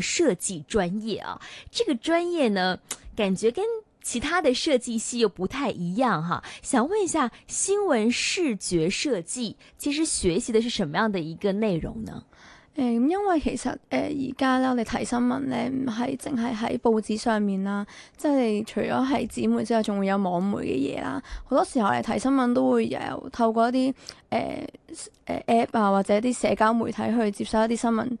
設計專業啊，這個專業呢，感覺跟其他的設計系又不太一樣哈、啊。想問一下，新聞視覺設計其實學習的是什麼樣的一個內容呢？誒、呃，因為其實誒，而家咧，你睇新聞咧，唔係淨係喺報紙上面啦，即係除咗係紙媒之外，仲會有網媒嘅嘢啦。好多時候你睇新聞都會有透過一啲誒誒 App 啊，或者一啲社交媒體去接收一啲新聞。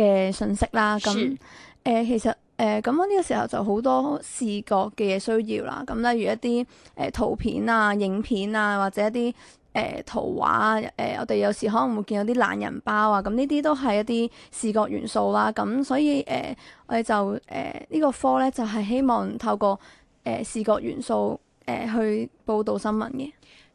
嘅信息啦，咁誒是、呃，其實誒，咁我呢個時候就好多視覺嘅嘢需要啦。咁例如一啲誒、呃、圖片啊、影片啊，或者一啲誒、呃、圖畫誒、啊呃，我哋有時可能會見到啲懶人包啊。咁呢啲都係一啲視覺元素啦。咁所以誒、呃，我哋就誒、呃這個、呢個科咧，就係、是、希望透過誒、呃、視覺元素誒、呃、去報道新聞嘅。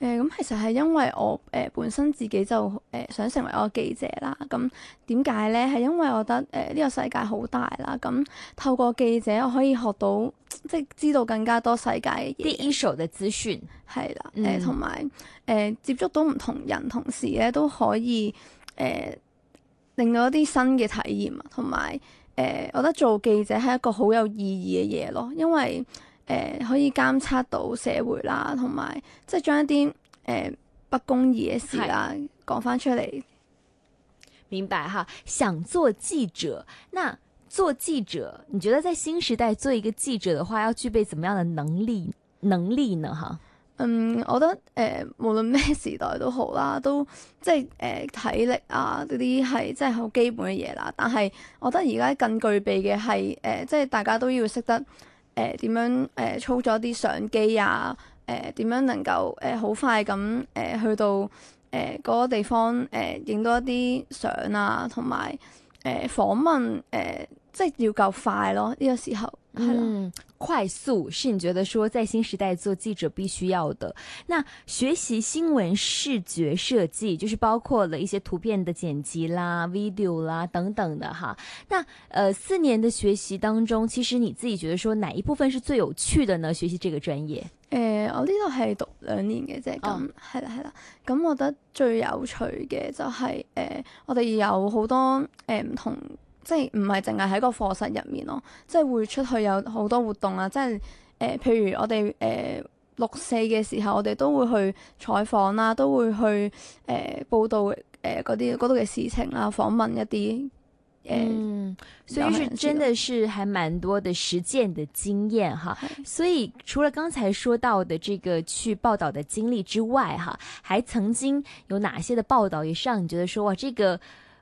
誒咁其實係因為我誒本身自己就誒想成為個記者啦。咁點解咧？係因為我覺得誒呢個世界好大啦。咁透過記者我可以學到，即係知道更加多世界嘅嘢。第一手嘅資訊係啦，誒同埋誒接觸到唔同人，同時咧都可以誒、呃、令到一啲新嘅體驗啊。同埋誒，我覺得做記者係一個好有意義嘅嘢咯，因為。誒、呃、可以監測到社會啦，同埋即係將一啲誒、呃、不公義嘅事啦講翻是出嚟。明白哈？想做記者，嗱做記者，你覺得在新時代做一個記者嘅話，要具備怎麼樣嘅能力能力呢？哈？嗯，我覺得誒、呃、無論咩時代都好啦，都即係誒、呃、體力啊嗰啲係即係好基本嘅嘢啦。但係我覺得而家更具備嘅係誒，即係大家都要識得。誒點、呃、樣誒、呃、操作一啲相機啊，誒、呃、點樣能夠誒好、呃、快咁、呃、去到誒嗰、呃嗰個地方誒影、呃、多一啲相啊，同埋誒訪問、呃、即係要夠快咯呢、呢個時候。嗯，快速是你覺得說在新時代做記者必須要的。那學習新聞視覺設計，就是包括了一些圖片的剪輯啦、video 啦等等的哈。那，呃，四年的學習當中，其實你自己覺得說哪一部分是最有趣的呢？學習這個專業？誒、呃，我呢度係讀兩年嘅，啫、哦。係咁，係啦係啦。咁我覺得最有趣嘅就係、是、誒、呃，我哋有好多誒呃、唔同。即係唔係淨係喺個課室入面咯，即係會出去有好多活動啊！即係誒、呃，譬如我哋誒六四嘅時候，我哋都會去採訪啦，都會去誒、呃、報道誒嗰啲嗰度嘅事情啦、啊，訪問一啲誒、呃嗯。所以真的是還蠻多的實踐的經驗哈。的所以除了剛才說到的這個去報道的經歷之外，哈，還曾經有哪些的報道也是讓你覺得說哇，這個。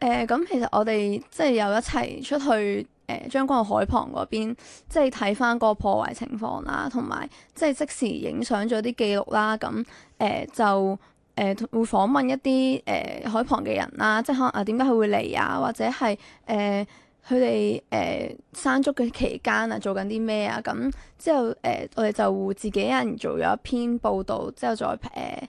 誒咁、呃、其實我哋即係又一齊出去誒、呃、將軍澳海旁嗰邊，即係睇返個破壞情況啦，同埋即係即時影相咗啲記錄啦。咁誒、呃、就誒、呃、會訪問一啲誒、呃、海旁嘅人啦，即係可能啊，點解佢會嚟啊，或者係誒佢哋誒山竹嘅期間啊做緊啲咩啊。咁之後誒、呃、我哋就自己一人做咗一篇報導，之後再誒。呃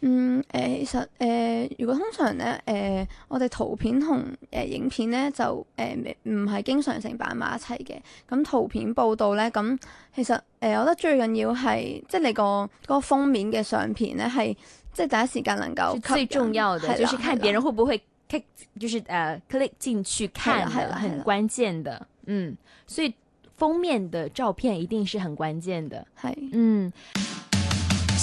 嗯，誒、呃，其實，誒、呃，如果通常咧，誒、呃，我哋圖片同誒、呃、影片咧就誒，唔、呃、係經常性擺埋一齊嘅。咁圖片報道咧，咁、嗯、其實，誒、呃，我覺得最緊要係，即係你、個、嗰個封面嘅相片咧，係即係第一時間能夠最重要的，了就是看別人會唔會 click，就是誒、啊、click 進去看嘅，了很關鍵的。嗯，所以封面的照片一定是很關鍵的。係對，嗯。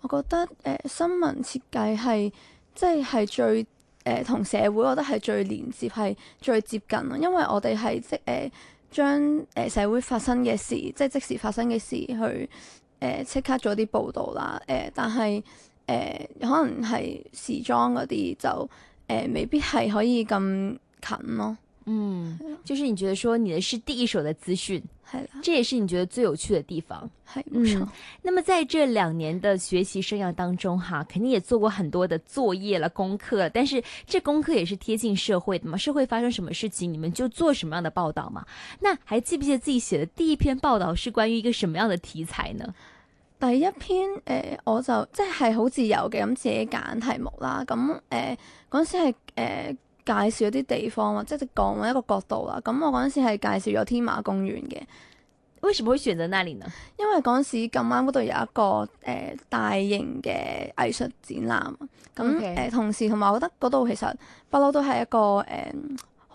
我覺得誒、呃、新聞設計係即係係最誒同、呃、社會，我覺得係最連接係最接近咯，因為我哋係即誒、呃、將誒、呃、社會發生嘅事，即係即時發生嘅事去誒即、呃、刻做啲報導啦誒，但係誒、呃、可能係時裝嗰啲就誒、呃、未必係可以咁近咯。嗯，就是你覺得說你的是第一手的資訊，的這也是你覺得最有趣的地方。的嗯，錯那麼在這兩年的學習生涯當中，哈，肯定也做過很多的作業了、功課了，但是這功課也是貼近社會的嘛，社會發生什麼事情，你們就做什麼樣的報道嘛。那還記不記得自己寫的第一篇報道是關於一個什麼樣的題材呢？第一篇，呃、我就即係好自由嘅，咁自己揀題目啦。咁，誒、呃，嗰陣時係，誒、呃。介紹一啲地方或者直講一個角度啦，咁我嗰陣時係介紹咗天馬公園嘅，為什麼會選擇那裏呢？因為嗰陣時咁啱嗰度有一個、呃、大型嘅藝術展覽，咁 Okay.、呃、同時同埋我覺得嗰度其實不嬲都係一個、呃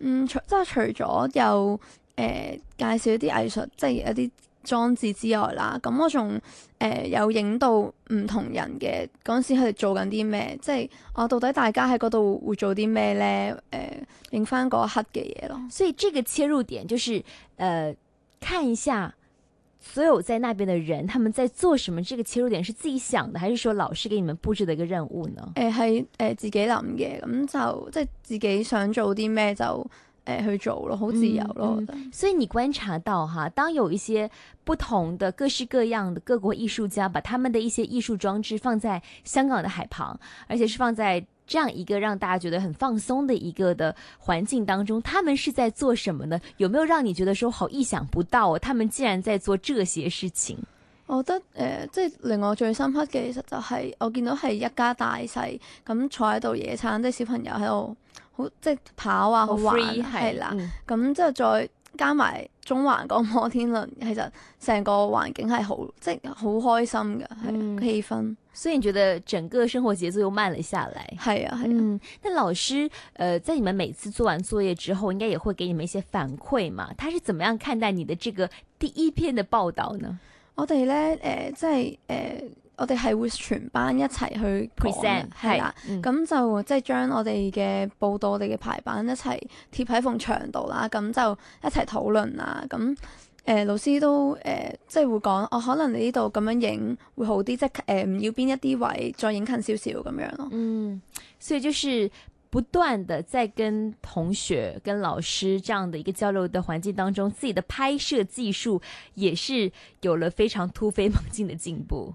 嗯，除即係除咗有誒、呃、介紹一啲藝術，即係一啲裝置之外啦，咁我仲誒、呃、有影到唔同人嘅嗰陣時，佢哋做緊啲咩？即係我、啊、到底大家喺嗰度會做啲咩咧？誒、呃，影翻嗰一刻嘅嘢咯。所以呢個切入點就是誒、呃，看一下。所有在那邊的人，他們在做什麼？這個切入點是自己想的，還是說老師給你們佈置的一個任務呢？誒、呃，係誒、呃、自己諗嘅，咁就即係自己想做啲咩就誒、呃、去做咯，好自由咯。嗯嗯、所以你觀察到哈，當有一些不同的、各式各樣的各國藝術家，把他們的一些藝術裝置放在香港的海旁，而且是放在這樣一個讓大家覺得很放鬆的一個的環境當中，他們是在做什麼呢？有沒有讓你覺得說好意想不到，啊？他們竟然在做這些事情。我覺得誒、呃，即係令我最深刻嘅，其實就係我見到係一家大細咁坐喺度野餐，即係小朋友喺度好即係跑啊，好玩係啦。咁即係再加埋中環個摩天輪，其實成個環境係好即係好開心嘅係、嗯、氣氛。所以你覺得整個生活節奏又慢了下來？係啊，係啊。但、嗯、老師，誒、呃，在你們每次做完作業之後，應該也會給你們一些反饋嘛？他是怎麼樣看待你的這個第一篇的報道呢？我哋咧，誒、呃，即係，誒、呃，我哋係會全班一齊去 present，係啊，咁就即係將我哋嘅報道、我哋嘅排版一齊貼喺埲牆度啦，咁就一齊討論啦，咁。誒、呃、老師都誒、呃、即係會講，哦，可能你呢度咁樣影會好啲，即係誒唔要邊一啲位，再影近少少咁樣咯。嗯，所以就是不斷的在跟同學、跟老師這樣的一個交流的環境當中，自己的拍攝技術也是有了非常突飛猛進的進步。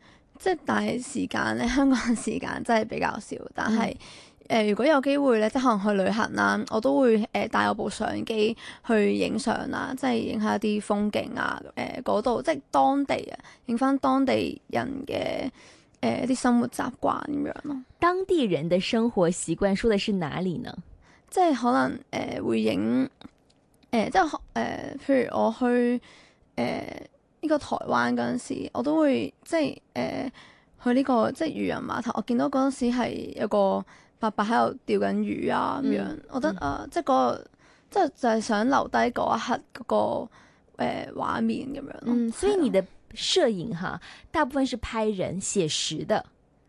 即係但係時間咧，香港時間真係比較少。但係誒、嗯呃，如果有機會咧，即係可能去旅行啦、啊，我都會誒、呃、帶我部相機去影相啦，即係影下啲風景啊，誒嗰度即係當地啊，影翻當地人嘅誒一啲生活習慣咁樣咯。當地人嘅生活習慣，說的是哪裡呢？即係可能誒、呃、會影誒、呃，即係誒、呃，譬如我去誒。呃呢個台灣嗰陣時候，我都會即係誒、呃、去呢、這個即係漁人碼頭，我見到嗰陣時係有個伯伯喺度釣緊魚啊咁樣，我覺得誒即係嗰個即係就係想留低嗰一刻嗰個誒畫面咁樣咯。所以你的攝影哈、啊、的大部分是拍人寫實的。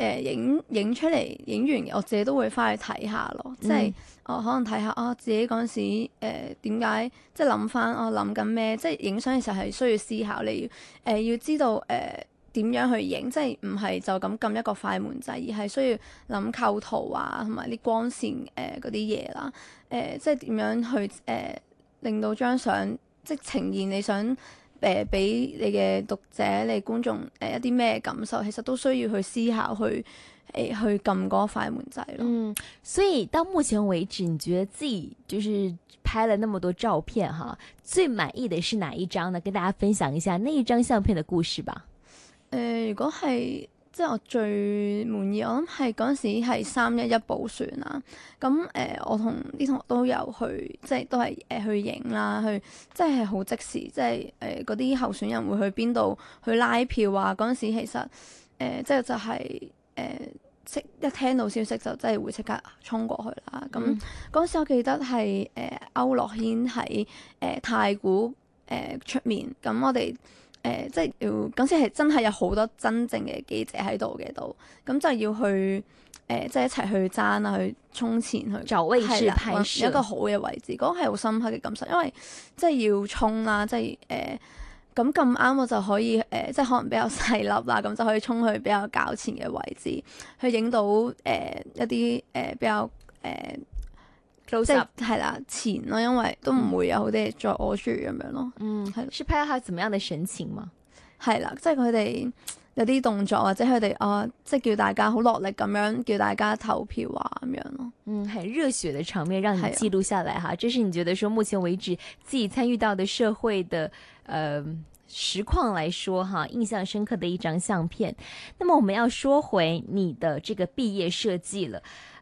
誒影影出嚟，影完我自己都會翻去睇下咯。嗯、即係我可能睇下啊，自己嗰陣時誒點解，即係諗翻我諗緊咩？即係影相嘅時候係需要思考，你誒要、呃、要知道誒點、呃、樣去影，即係唔係就咁撳一個快門掣，而係需要諗構圖啊，同埋啲光線誒嗰啲嘢啦。誒、呃、即係點樣去誒、呃、令到張相即呈現你想。誒，俾、呃、你嘅讀者、你觀眾，誒、呃、一啲咩感受？其實都需要去思考，去誒、呃、去撳嗰個快門掣咯。嗯，所以到目前為止，你覺得自己就是拍了那麼多照片，哈，嗯、最滿意的是哪一張呢？跟大家分享一下那一張相片的故事吧。誒、呃，如果係。即係我最滿意，我諗係嗰陣時係三一一補選啦。咁誒、呃，我同啲同學都有去，即係都係誒去影啦，去，去即係好即時，即係誒嗰啲候選人會去邊度去拉票啊。嗰陣時其實誒、呃，即係就係、是、誒，即、呃、一聽到消息就即係會即刻衝過去啦。咁嗰陣時我記得係誒、呃、歐樂軒喺誒、呃、太古誒出、呃、面，咁我哋。誒、呃，即係要嗰次係真係有好多真正嘅記者喺度嘅度，咁就要去誒、呃，即係一齊去爭啦，去衝前去找位置拍攝，去係一個好嘅位置。嗰、那個係好深刻嘅感受，因為即係要衝啦，即係誒，咁咁啱我就可以誒、呃，即係可能比較細粒啦，咁就可以衝去比較前嘅位置，去影到誒、呃、一啲誒、呃、比較誒。呃即係啦，錢咯，因為都唔會有啲嘢再屙住咁樣咯。嗯，係。拍一下點樣嘅神情嘛？係啦，即係佢哋有啲動作或者佢哋啊，即係叫大家好落力咁樣叫大家投票啊咁樣咯。嗯，係熱血嘅場面讓你記錄下來吓，是啊、這是你覺得說目前為止自己參與到嘅社會嘅，嗯、呃，實況來說哈，印象深刻的一張相片。那麼我們要說回你的這個畢業設計了。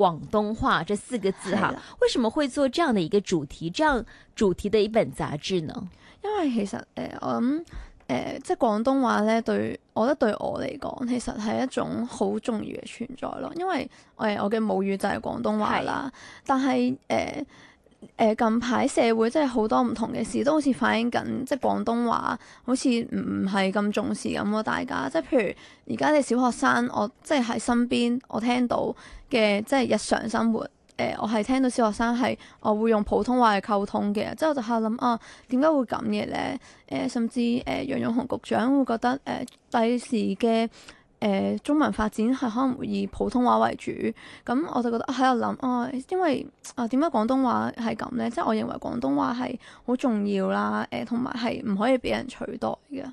廣東話這四個字哈，的為什麼會做這樣的一個主題，這樣主題的一本雜誌呢？因為其實誒、呃，我諗誒、呃，即係廣東話咧，對我覺得對我嚟講，其實係一種好重要嘅存在咯。因為誒、呃，我嘅母語就係廣東話啦，的但係誒。呃誒近排社會真係好多唔同嘅事，都好似反映緊即係廣東話，好似唔係咁重視咁咯。大家即係譬如而家啲小學生，我即係喺身邊，我聽到嘅即係日常生活、呃、我係聽到小學生係我會用普通話去溝通嘅，即係我就下諗啊，點解會咁嘅咧？甚至誒楊勇雄局長會覺得誒第時嘅。呃誒、呃、中文發展係可能會以普通話為主，咁我就覺得喺度諗，哦、啊，因為啊點解廣東話係咁咧？即係我認為廣東話係好重要啦，誒同埋係唔可以俾人取代㗎。」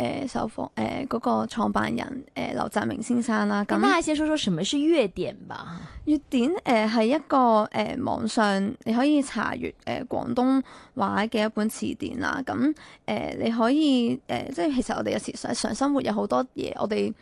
誒首訪誒嗰個創辦人誒、呃、劉澤明先生啦，咁大家先講講什麼是粵典吧？粵典係一個網上、呃、你可以查閱、呃、廣東話嘅一本詞典啦。咁、啊呃、你可以、呃、即係其實我哋有時日常生活有好多嘢我哋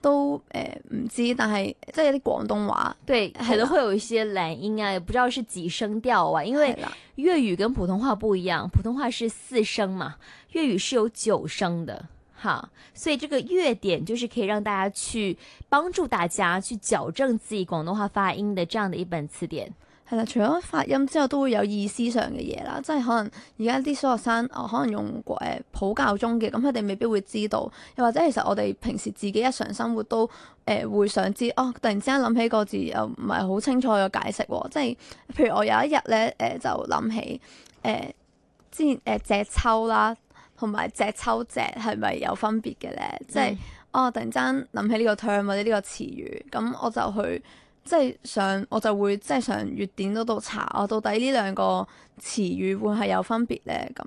都唔、呃、知，但係即係啲廣東話係都對的會有一些懶音啊，不知道是幾聲調啊。因為粵語跟普通話唔一樣，普通話是四聲嘛，粵語是有九聲的。吓，所以這個粵典就是可以讓大家去幫助大家去矯正自己廣東話發音的這樣的一本詞典。係啦，除咗發音之外，都會有意思上嘅嘢啦，即係可能而家啲小學生哦，可能用過誒、呃、普教中嘅，咁佢哋未必會知道。又或者其實我哋平時自己日常生活都誒、呃、會想知，哦，突然之間諗起個字又唔係好清楚嘅解釋，哦，即係譬如我有一日咧誒就諗起誒、呃、之前誒借、呃、抽啦。同埋隻抽隻係咪有分別嘅咧？嗯、即係，哦，突然間諗起呢個 term 或者呢個詞語，咁我就去即係上，我就會即係上粵典嗰度查，我、啊、到底呢兩個詞語會係有分別咧咁。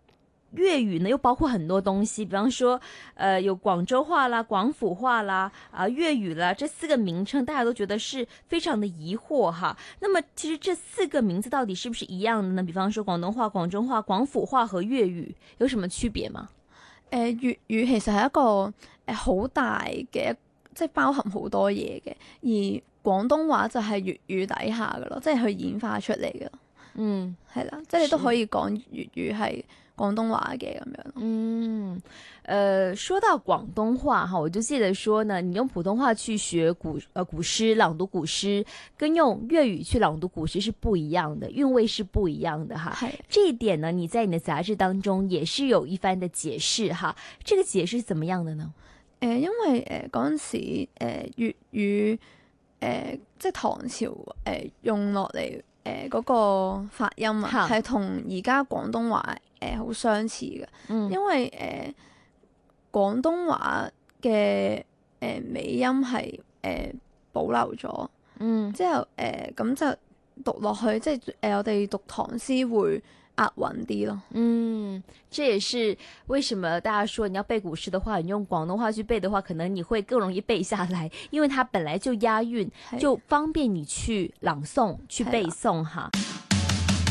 粵語呢又包括很多東西，比方說，呃有廣州話啦、廣府話啦、啊粵語啦，這四個名稱大家都覺得是非常的疑惑哈。那麼其實這四個名字到底是不是一樣的呢？比方說廣東話、廣州話、廣府話和粵語有什麼區別嗎？誒粵語其實係一個誒好大嘅，即係包含好多嘢嘅，而廣東話就係粵語底下嘅咯，即係去演化出嚟嘅。嗯，係啦，即係你都可以講粵語係。廣東話嘅咁樣，嗯，誒、呃，說到廣東話哈，我就記得說呢，你用普通話去學古，誒，古詩朗讀古詩，跟用粵語去朗讀古詩是不一樣的，韻味是不一樣的哈。是這一點呢，你在你的雜志當中也是有一番的解釋哈。這個解釋是怎麼樣的呢？誒、呃，因為誒嗰陣時，誒、呃、粵語，誒、呃、即係唐朝，誒、呃、用落嚟，誒、呃、嗰、那個發音啊，係同而家廣東話。誒好、呃、相似嘅，嗯、因為誒、呃、廣東話嘅誒尾音係誒、呃、保留咗，嗯、之後誒咁、呃、就讀落去，即係誒我哋讀唐詩會押韻啲咯。嗯，即也是為什麼大家說你要背古詩的話，你用廣東話去背的話，可能你會更容易背下來，因為它本來就押韻，啊、就方便你去朗誦、去背誦、啊、哈。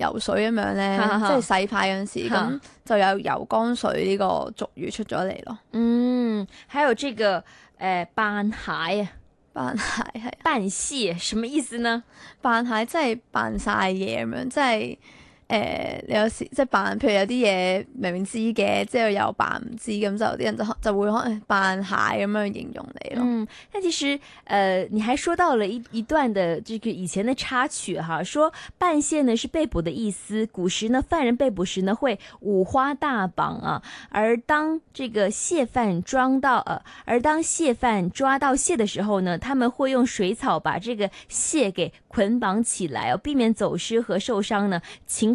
游水咁樣咧， 即係洗牌嗰陣時，咁 就有游江水呢個俗語出咗嚟咯。嗯，仲有呢個誒扮蟹啊，扮蟹係扮屍，什麼意思呢？扮蟹即係扮晒嘢咁樣，即係。誒、呃，你有時即係扮，譬如有啲嘢明明知嘅，即係又扮唔知，咁就啲人就就會可能扮蟹咁樣形容你咯。嗯，那其實誒、呃，你還說到了一一段的這個以前的插曲哈，說扮蟹呢是被捕的意思。古時呢犯人被捕時呢會五花大綁啊，而當這個蟹犯裝到，呃，而當蟹犯抓到蟹的時候呢，他們會用水草把這個蟹給捆綁起來，啊，避免走失和受傷呢。情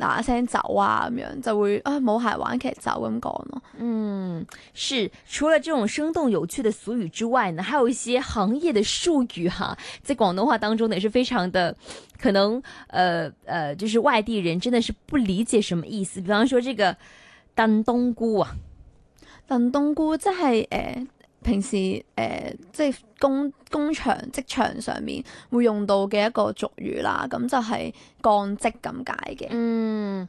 嗱，一聲走啊咁樣就會啊，冇、哎、鞋玩劇走咁講咯。嗯，是。除了這種生動有趣的俗語之外呢，還有一些行業的術語哈，在廣東話當中呢，也是非常的可能，呃呃，就是外地人真的是不理解什麼意思。比方說這個燉冬菇啊，燉冬菇即、就、係、是呃平時誒、呃、即係工工場職場上面會用到嘅一個俗語啦，咁就係降職咁解嘅。嗯。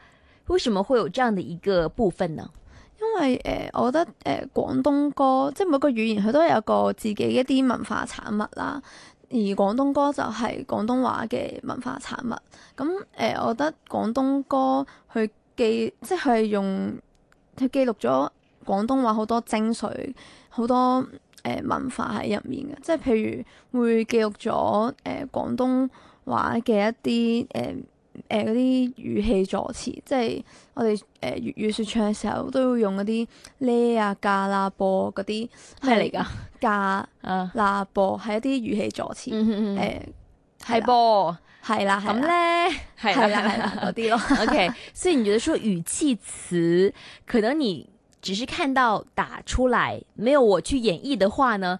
為什麼會有這樣的一個部分呢？因為誒、呃，我覺得誒，廣東歌即係每個語言佢都有個自己一啲文化產物啦，而廣東歌就係廣東話嘅文化產物。咁、嗯、誒、呃，我覺得廣東歌佢記，即係用佢記錄咗廣東話好多精髓，好多誒、呃、文化喺入面嘅。即係譬如會記錄咗誒廣東話嘅一啲誒。呃誒嗰啲語氣助詞，即係我哋誒粵語説唱嘅時候都要用嗰啲咧啊、加啦、噃嗰啲咩嚟㗎？加啊、啦、噃係一啲語氣助詞。誒係噃，係、呃、啦，咁咧係啦，係 啦嗰啲咯。OK，所以你覺得說語氣詞，可能你只是看到打出來，沒有我去演繹的話呢？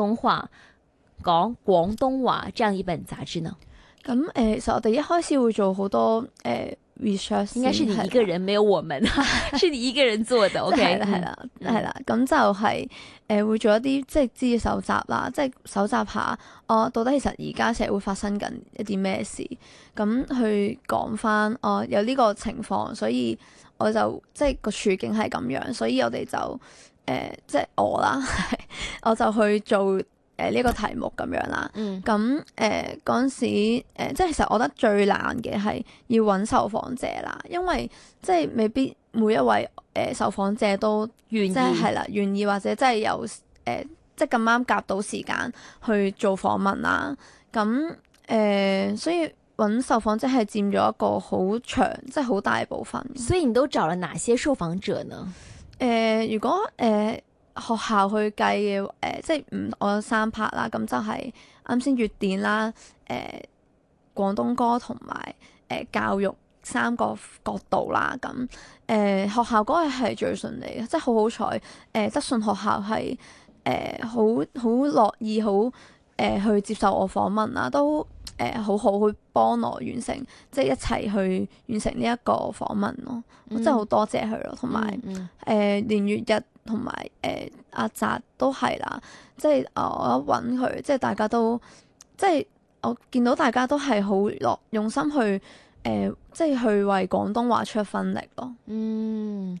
講話講廣東話這樣一本雜誌呢？咁誒，其、呃、實我哋一開始會做好多誒、呃、research，應該係你一個人沒有我們，係了 你一個人做的。OK 啦、嗯，係啦，係啦。咁就係、是、誒、呃、會做一啲即係資料搜集啦，即係搜集下哦到底其實而家社會發生緊一啲咩事，咁去講翻哦有呢個情況，所以我就即係個處境係咁樣，所以我哋就。誒、呃，即係我啦， 我就去做誒呢、呃這個題目咁樣啦。咁誒嗰時誒、呃，即係其實我覺得最難嘅係要揾受訪者啦，因為即係未必每一位誒、呃、受訪者都願意嗯嗯即係係啦，願意或者、呃、即係有誒即係咁啱夾到時間去做訪問啦。咁、嗯、誒、呃，所以揾受訪者係佔咗一個好長，即係好大部分。所以你都找了哪些受訪者呢？誒、呃，如果誒、呃、學校去計嘅誒、呃，即係唔我有三拍啦，咁就係啱先粵典啦，誒、呃、廣東歌同埋誒教育三個角度啦，咁誒、呃、學校嗰個係最順利嘅，即係好好彩，誒、呃、德信學校係誒好好樂意好誒、呃、去接受我嘅訪問啦，都。誒、呃、好好，去幫我完成，即、就、係、是、一齊去完成呢一個訪問咯，嗯、我真係好多謝佢咯，同埋誒連月日同埋誒阿澤都係啦，即係我一揾佢，即係大家都，即係我見到大家都係好落用心去誒、呃，即係去為廣東話出一分力咯。嗯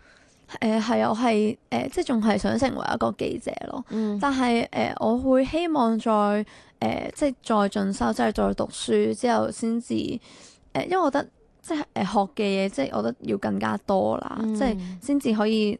誒係、呃，我係誒、呃、即仲係想成為一個記者咯，嗯、但係誒、呃、我會希望再誒、呃、即再進修，即再讀書之後先至誒，因為我覺得即係誒、呃、學嘅嘢即係我覺得要更加多啦，嗯、即係先至可以，